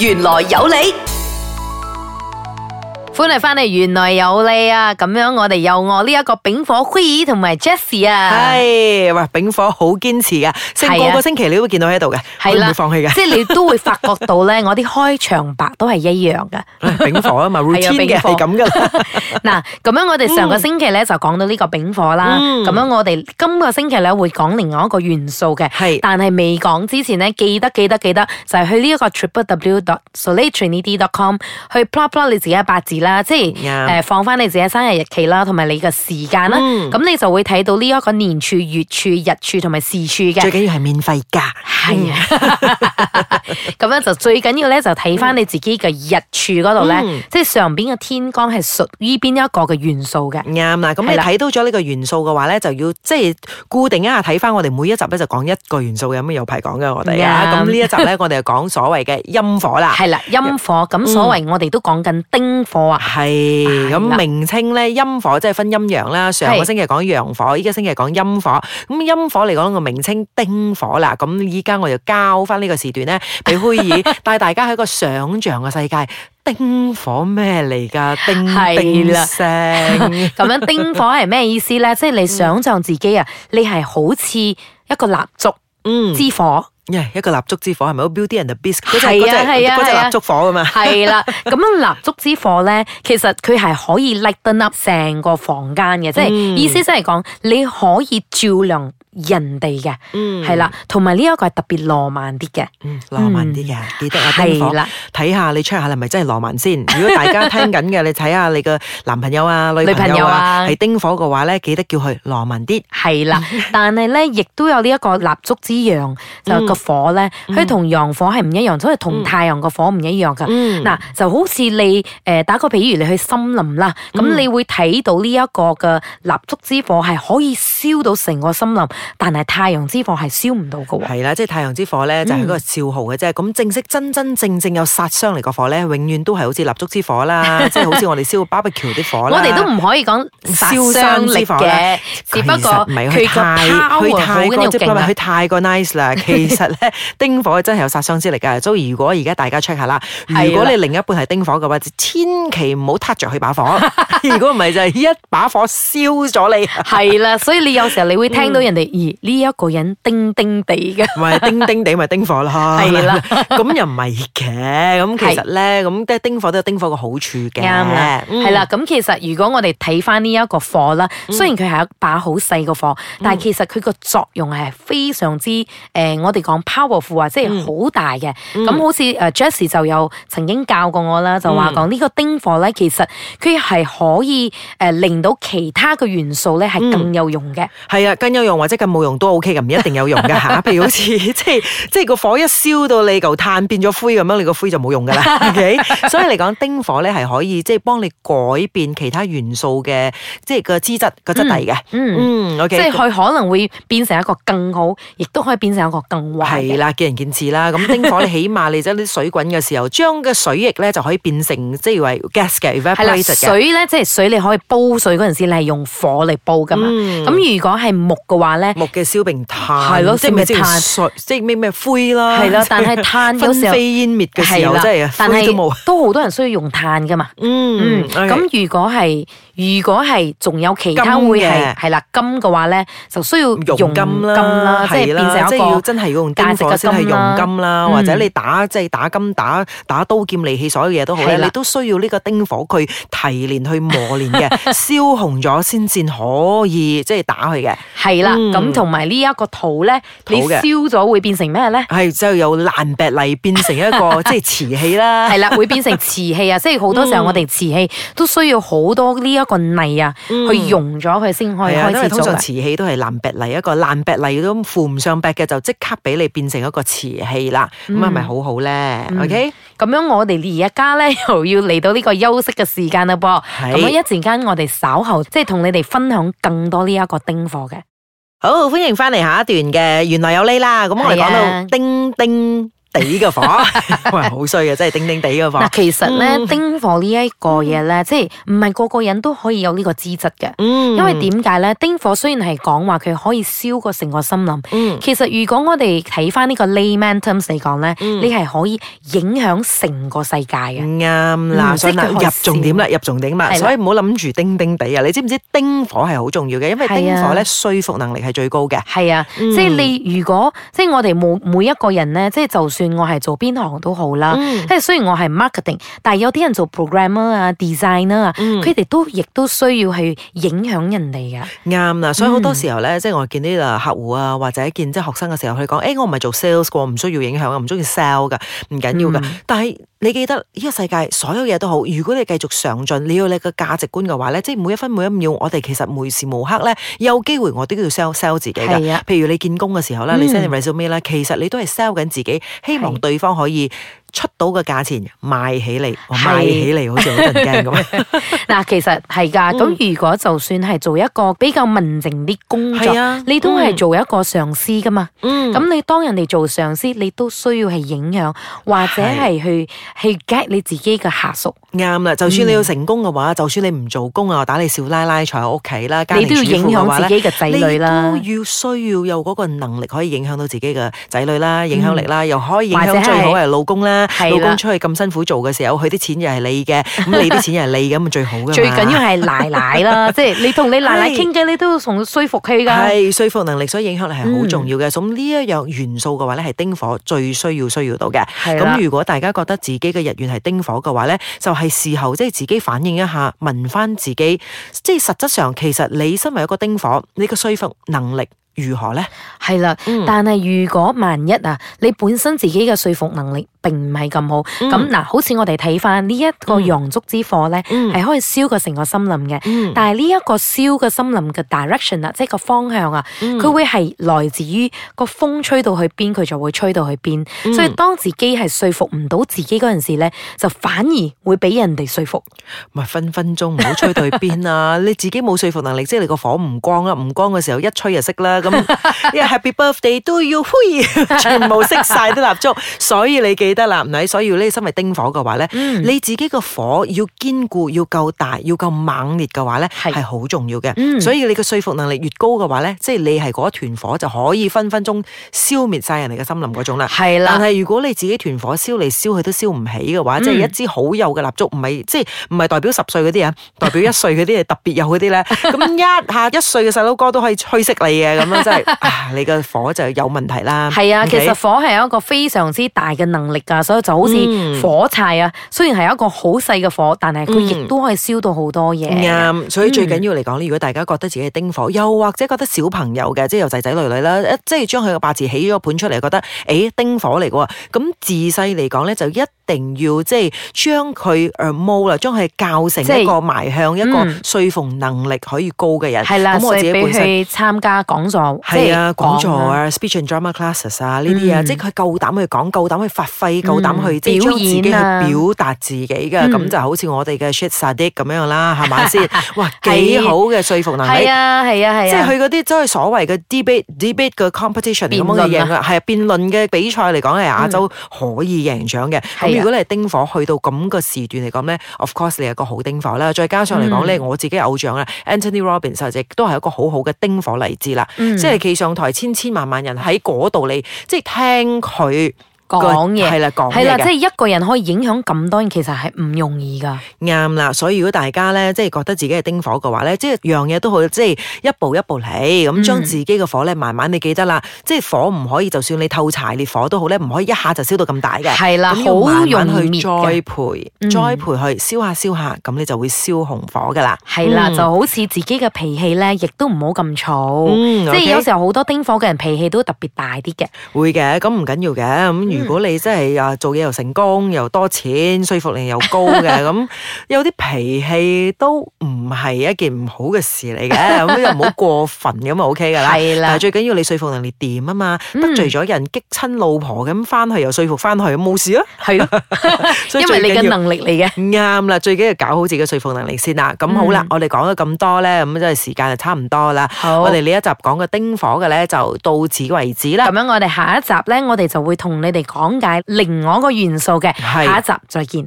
玄來有理。本嚟翻嚟原來有你啊！咁樣我哋有我呢一個丙火 queen 同埋 Jessie 啊！係、哎，哇！丙火好堅持噶，上個星期你都會見到喺度嘅，唔、啊、會放棄嘅、啊。即係你都會發覺到咧，我啲開場白都係一樣嘅。丙、哎、火啊嘛 ，routine 嘅係咁嘅。嗱，咁樣， 樣我哋上個星期咧就講到呢個丙火啦。咁、嗯、樣我哋今個星期咧會講另外一個元素嘅。但係未講之前呢，記得記得記得就係去呢一個 t r i p w s o l u t i o n i d c o m 去 plot plot 你自己八字啦。即係誒，放翻你自己生日日期啦，同埋你嘅時間啦，咁你就會睇到呢一個年柱、月柱、日柱同埋時柱嘅。最緊要係免費噶，係啊，咁樣就最緊要咧，就睇翻你自己嘅日柱嗰度咧，即係上邊嘅天干係屬於邊一個嘅元素嘅。啱啦，咁你睇到咗呢個元素嘅、嗯、話咧，就要即係固定一下睇翻我哋每一集咧就講一個元素嘅，咁有排講嘅我哋、嗯嗯、啊，咁呢一集咧我哋就講所謂嘅陰火啦。係啦，陰火，咁所謂我哋都講緊丁火。係、哦、咁名稱咧，陰火即係分陰陽啦。上個星期講陽火，依家星期講陰火。咁陰火嚟講個名稱丁火啦。咁依家我就交翻呢個時段咧俾灰兒帶大家去個想象嘅世界，丁火咩嚟噶？丁丁聲咁 樣丁火係咩意思咧？即 係你想象自己啊，你係好似一個蠟燭，嗯，之火。Yeah, 一個蠟燭之火係咪？Beauty and the Beast 嗰隻蠟燭火嘛是啊嘛，係啦、啊。咁蠟燭之火呢其實佢係可以 light 得 up 成個房間嘅、嗯，即係意思即係講你可以照亮。人哋嘅，係啦，同埋呢一個係特別浪漫啲嘅，浪漫啲嘅，記得係啦，睇下你 check 下係咪真係浪漫先。如果大家聽緊嘅，你睇下你個男朋友啊、女朋友啊係丁火嘅話咧，記得叫佢浪漫啲。係啦，但係咧亦都有呢一個蠟燭之陽，就個火咧，佢同陽火係唔一樣，所以同太陽個火唔一樣噶。嗱，就好似你誒，打個比喻，你去森林啦，咁你會睇到呢一個嘅蠟燭之火係可以燒到成個森林。但係太陽之火係燒唔到嘅喎，係啦、啊，即係太陽之火咧就係、是、一個兆號嘅啫。咁、嗯、正式真真正正有殺傷力個火咧，永遠都係好似蠟燭之火啦， 即係好似我哋燒 BBQ 啲火我哋都唔可以講殺傷力嘅，只不過唔太去太跟住勁，佢太,太,太過 nice 啦。其實咧， 丁火真係有殺傷之力噶。所以如果而家大家 check 下啦，如果你另一半係丁火嘅話，就千祈唔好撻著去把火。 如果唔係就係一把火燒咗你。係 啦、啊，所以你有時候你會聽到、嗯、人哋。而呢一個人叮叮地嘅，唔係叮叮地，咪叮火啦。係 啦對了，咁 又唔係嘅。咁其實咧，咁即係叮火都有叮火嘅好處嘅。啱啦，係、嗯、啦。咁其實如果我哋睇翻呢一個火啦，雖然佢係一把好細個火，嗯、但係其實佢個作用係非常之誒、呃，我哋講 powerful 啊，即、嗯、係好大嘅。咁好似誒 Jesse 就有曾經教過我啦，就話講呢個叮火咧，其實佢係可以誒令到其他嘅元素咧係更有用嘅。係、嗯、啊，更有用或者。咁冇用都 O K 嘅，唔一定有用噶吓，譬 如好似即係即係個火一燒到你嚿炭變咗灰咁樣，你個灰就冇用噶啦。 o、okay? K，所以嚟講，丁火咧係可以即係幫你改變其他元素嘅即係個資質個質地嘅。嗯，嗯，O、okay? K，即係佢可能會變成一個更好，亦都可以變成一個更壞。係啦，見仁見智啦。咁丁火咧，起碼你啲水滾嘅時候， 將個水液咧就可以變成即係話 gas 嘅。係啦，水咧即係水，你可以煲水嗰陣時，你係用火嚟煲噶嘛。咁、嗯、如果係木嘅話咧。木嘅燒成炭，係咯，即係咩碳，即係咩咩灰啦。係啦，但係炭有時候係啦， 飛煙滅嘅時候是但係都好多人需要用炭噶嘛。咁、嗯嗯嗯 okay、如果係如果係仲有其他會係係啦金嘅話咧，就需要用金啦，熔金啦，即係要真變成一個。但係嘅真係熔金啦、嗯，或者你打即係、就是、打金打打刀劍利器，所有嘢都好，你都需要呢個丁火佢提煉去磨煉嘅，燒 紅咗先至可以即係、就是、打佢嘅。係啦。嗯咁同埋呢一個土咧，你燒咗會變成咩咧？係就由爛白泥變成一個即係 瓷器啦。係啦，會變成瓷器啊！ 即係好多時候我哋瓷器都需要好多呢一個泥啊，嗯、去溶咗佢先可以開始做。因為通常瓷器都係爛白泥一個爛白泥都付唔上白嘅，就即刻俾你變成一個瓷器啦。咁係咪好好咧、嗯、？OK，咁、嗯、樣我哋而家咧又要嚟到呢個休息嘅時間啦，噃，咁一陣間我哋稍後即係同你哋分享更多呢一個丁火嘅。好，歡迎回嚟下一段嘅玄來有理啦，咁我哋講到叮叮地嘅火， 喂好衰嘅，即係叮叮地嘅火。嗱，其實咧、嗯，丁火呢一個嘢咧，即係唔係個個人都可以有呢個資質嘅。因為點解咧？丁火雖然係講話佢可以燒過成個森林，嗯，其實如果我哋睇翻呢個 layman terms 嚟講咧，你係可以影響成個世界嘅。啱、嗯、啦、嗯，所以入重點啦，入重點嘛，所以唔好諗住叮叮地啊！你知唔知丁火係好重要嘅？因為丁火咧、啊，說服能力係最高嘅。係啊，即、嗯、係、就是、你如果即係、就是、我哋每每一個人咧，即係就。我係做邊行都好啦，即、嗯、係雖然我係 marketing，但係有啲人做 programmer 啊、嗯、designer 啊，佢哋都亦都需要去影響人哋嘅。啱、嗯、啦，所以好多時候咧、嗯，即係我見啲誒客戶啊，或者喺見即係學生嘅時候，佢講：誒、哎，我唔係做 sales 過，我唔需要影響，我唔中意 sell 噶，唔緊要噶、嗯。但係你記得呢、這個世界所有嘢都好，如果你繼續上進，你要你嘅價值觀嘅話咧，即係每一分每一秒，我哋其實每時每刻咧有機會，我都要 sell sell 自己嘅。啊、譬如你見工嘅時候啦，嗯、你 send 你 resume 啦，其實你都係 sell 緊自己，希望對方可以。出到嘅價錢賣起嚟，賣起嚟好似好震驚咁。嗱， 其實係㗎。咁、嗯、如果就算係做一個比較文靜啲工作，是啊、你都係做一個上司㗎嘛。嗯。咁你當人哋做上司，你都需要係影響，或者係去是去，去 get 你自己嘅下屬。啱啦，就算你要成功嘅話、嗯、話，就算你唔做工啊，我打你少奶奶坐喺屋企啦，你都要影響自己嘅仔女啦。都要需要有嗰個能力可以影響到自己嘅仔女啦、嗯，影響力啦，又可以影響最好係老公啦。老公出去咁辛苦做嘅時候，佢啲錢又係你嘅，咁你啲錢又係你咁 最好嘅。最緊要係奶奶啦，即 係你同你奶奶傾偈，你都要從說服佢噶。係說服能力，所以影響力係好重要嘅。咁呢一樣元素嘅話咧，係丁火最需要需要到嘅。咁如果大家覺得自己嘅日元係丁火嘅話咧，就係事後即係自己反應一下，問翻自己，即係實質上其實你身為一個丁火，你嘅說服能力如何咧？係啦、嗯，但係如果萬一啊，你本身自己嘅說服能力。並唔係咁好，咁、嗯、嗱，好似我哋睇翻呢一個洋燭之火咧，係可以燒個成個森林嘅、嗯，但係呢一個燒嘅森林嘅 direction 啊、嗯，即係個方向啊，佢、嗯、會係來自於個風吹到去邊，佢就會吹到去邊、嗯，所以當自己係說服唔到自己嗰陣時咧，就反而會俾人哋說服。唔係分分鐘唔好吹到去邊啊！ 你自己冇說服能力，即、就、係、是、你個火唔光啊，唔光嘅時候一吹就熄啦。咁，一、 yeah, Happy Birthday 都要，全部熄晒啲蠟燭，所以你嘅。記得啦，唔係所以呢咧，身為丁火嘅話咧、嗯，你自己個火要堅固，要夠大，要夠猛烈嘅話咧，係好重要嘅、嗯。所以你嘅說服能力越高嘅話咧，即、就、係、是、你係嗰一團火就可以分分鐘消滅晒人哋嘅森林嗰種啦。係啦。但係如果你自己團火燒嚟燒去都燒唔起嘅話，即、嗯、係、就是、一支好幼嘅蠟燭，唔係即係唔係代表十歲嗰啲啊，代表一歲嗰啲啊，特別幼嗰啲咧，咁一下一歲嘅細佬哥都可以吹熄你嘅咁啊，即係、就是、你嘅火就有問題啦。係啊，okay? 其實火係一個非常之大嘅能力。所以就好似火柴啊、嗯！雖然係一個好細嘅火，但係佢亦都可以燒到好多嘢。啱、嗯，所以最緊要嚟講咧，如果大家覺得自己係丁火，又或者覺得小朋友嘅，即係由仔仔女女啦，即係將佢嘅八字起咗個盤出嚟，覺得誒丁、欸、火嚟嘅，咁自細嚟講咧就一。一定要即係將佢誒 mould 啦，將佢教成一個邁向一個說服能力可以高嘅人。係、嗯、啦，咁我自己本身參加講座，係啊講，講座啊，speech and drama classes 啊，呢啲啊，即係佢夠膽去講，夠膽去發揮，夠膽去即係自己去表達自己嘅，咁、嗯、就好似我哋嘅 Shazadik 咁樣啦，係咪先？ 哇，幾好嘅說服能力啊！係啊，係啊，係、啊、即係佢嗰啲即係所謂嘅 debate debate 嘅 competition 咁去贏啦。係啊，辯論嘅比賽嚟講，係亞洲可以贏獎嘅。嗯如果你係丁火去到咁嘅時段嚟講咧，of course 你係個好丁火啦。再加上嚟講咧，我自己偶像啦，Anthony Robbins 亦都係一個好好嘅丁火例子啦。嗯、即係企上台千千萬萬人喺嗰度，你即係聽佢。講嘢係啦，講係啦，即係一個人可以影響咁多人，其實係唔容易噶。啱啦，所以如果大家咧，即係覺得自己係丁火嘅話咧，即係樣嘢都好，即係一步一步嚟，咁將自己嘅火咧，慢慢、嗯、你記得啦，即係火唔可以，就算你透柴烈火都好咧，唔可以一下就燒到咁大嘅。係啦，好慢去栽培，栽培去燒、嗯、下燒下，咁你就會燒紅火噶啦。係啦、嗯，就好似自己嘅脾氣咧，亦都唔好咁燥。嗯 okay? 即係有時候好多丁火嘅人脾氣都特別大啲嘅。會嘅，咁唔緊要嘅咁。如果你真係啊做嘢又成功又多錢，說服力又高嘅咁，有啲脾氣都唔係一件唔好嘅事嚟嘅咁，又唔好過分咁啊 OK 噶啦。係啦，最緊要你說服能力掂啊嘛，得罪咗人激親老婆咁翻去又說服翻去，冇事咯。係啦，因為你嘅能力嚟嘅。啱啦，最緊要搞好自己嘅說服能力先啦。咁好啦，我哋講咗咁多咧，咁即係時間就差唔多啦。好，我哋呢一集講嘅丁火嘅咧就到此為止啦。咁樣我哋下一集咧，我哋就會同你哋。講解另外一個元素嘅，下一集再見。